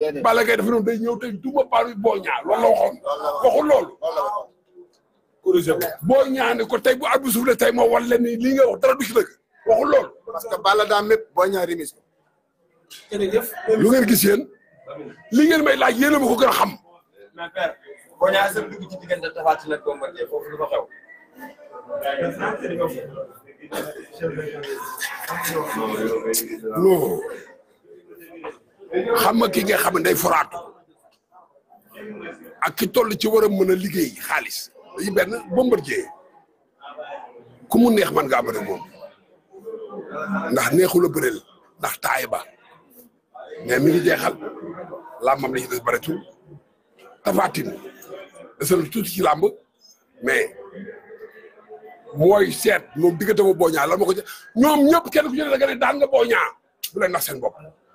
Balla Gaye dafa noonu day ñëw tey duma paru boo ñaar loolu la waxoon waxul loolu boo ñaane ko tey bu arbi suuf la tey moo war leen ni du ci dëgg waxul loolu parce que Balla daa mépp boo ñaar remise lu ngeen gis yéen li ngeen may laaj yéen a ma ko gën a xam mais père boo ñaar sa dugg ci diggante tafaati nag Bombardier foofu xam nga ki nga xam ne day foraatu ak ki toll ci war a mën a liggéey xaalis dañu benn Bombardier ku mu neex man ngaa bëri moom ndax neexul a bëreel ndax taay ba mais mi ngi jeexal làmbam la ci des bëreetul tafaatin desal tuuti ci làmb mais mooy seet moom diggante ma booñaa la ma ko ñoom ñëpp kenn ku ci ne da nga ne daan nga booñaa bu leen seen bopp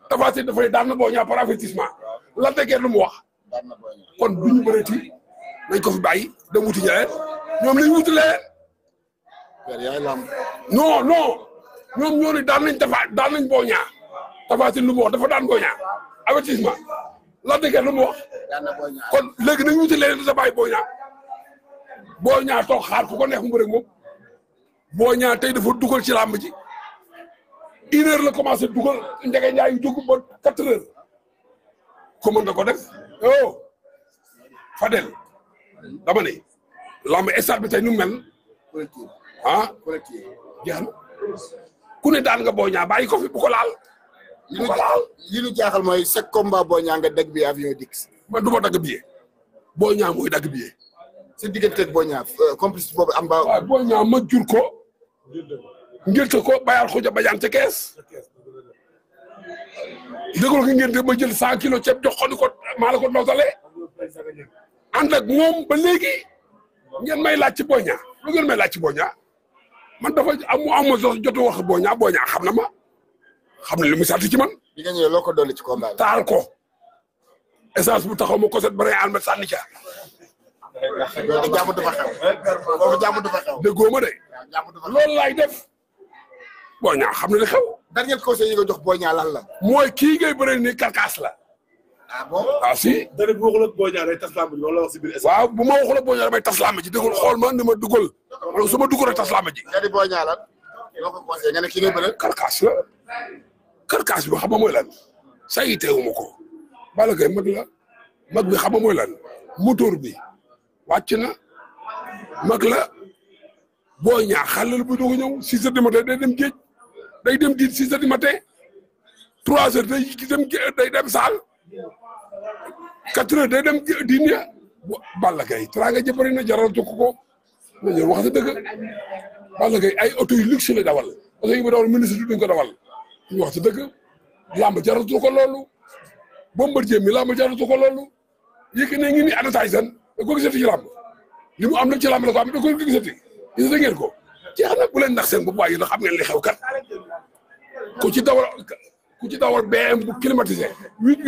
Tapha Tine dafay daan na Boy Niang par avertissement Lac de Guiers lu mu wax kon du ñu bëreeti nañ ko fi bàyyi dem wuti ñeneen ñoom lañ wuti leen. père yaay lamb non non ñoom ñoo ne daan nañ Tapha daan nañ Boy Niang Tapha lu mu wax dafa daan Boy Niang avertissement Lac de Guiers lu mu wax kon léegi nañ wuti leen dafa bàyyi Boy Niang Boy Niang toog xaar ku ko neex mu bëre moom Boy Niang tey dafa dugal ci làmb ji. une la commencé dugal Ndege Ndiaye dugg ba quatre heures ku mën na ko def oh Fadel dama lamb stade bi tey nu mel ah jeex na ku ne daan nga boo ñaa bàyyi ko fi bu ko laal. jaaxal mooy chaque combat boo ñaa nga dagg bi avion dix. man du ma dagg billet boo ñaa mooy dagg billet. sa diggante ak boo boobu am ba. ma jur ko. ngir te ko bayal xuja bayaan ca kees dëggal ki ngeen de ma jël cent kilos ceeb jox ko ni ko maa la ko nootale ànd ak moom ba léegi ngeen may laaj ci boña lu ngeen may laaj ci boña man dafa amu amu jotu wax boña boña xam na ma xam na li mu sàtt ci man. bi nga ñëwee loo ko dolli ci combat taal ko essence bu taxaw ma ko set ba rey almet sànni ca. loolu jàmm du fa xew. loolu jàmm du fa xew. déggoo de. loolu def. banyak Niang xam na li xew. dernier conseil yi nga jox Boy lan la. mooy kii ngay bëre ni karkaas la. ah bon ah si. dana bu waxul ak Boy day tas lamb wala wax si biir. waaw bu ma waxul ak Boy Niang damay ji dégul xool ma ni ma dugal. wala su ma dugal ji. nga di lan. nga conseil ngay bëre. la bi xam lan. mag la mag bi xam lan. bi na mag la bu dem day dem diit six heures du matin trois heures day dem day dem saal quatre heures day dem dîner Balla Gaye teraanga ja bëri na jaralatu ko ko na ñor wax dëgg Balla Gaye ay oto yu luxe dawal oto yi mu dawal ministre du duñ ko dawal ñu wax dëgg làmb jaralatu ko loolu Bombardier mi làmb jaralatu ko loolu Yékini ngi nii adataay seen da ko gisati ci làmb li mu am na ci làmb la ko am da ko gisati gisati ngeen ko jeex na bu leen nax seen bopp waaye yéen a xam ngeen li xew kat ku ci dawal ku ci dawal BM bu climatisé huit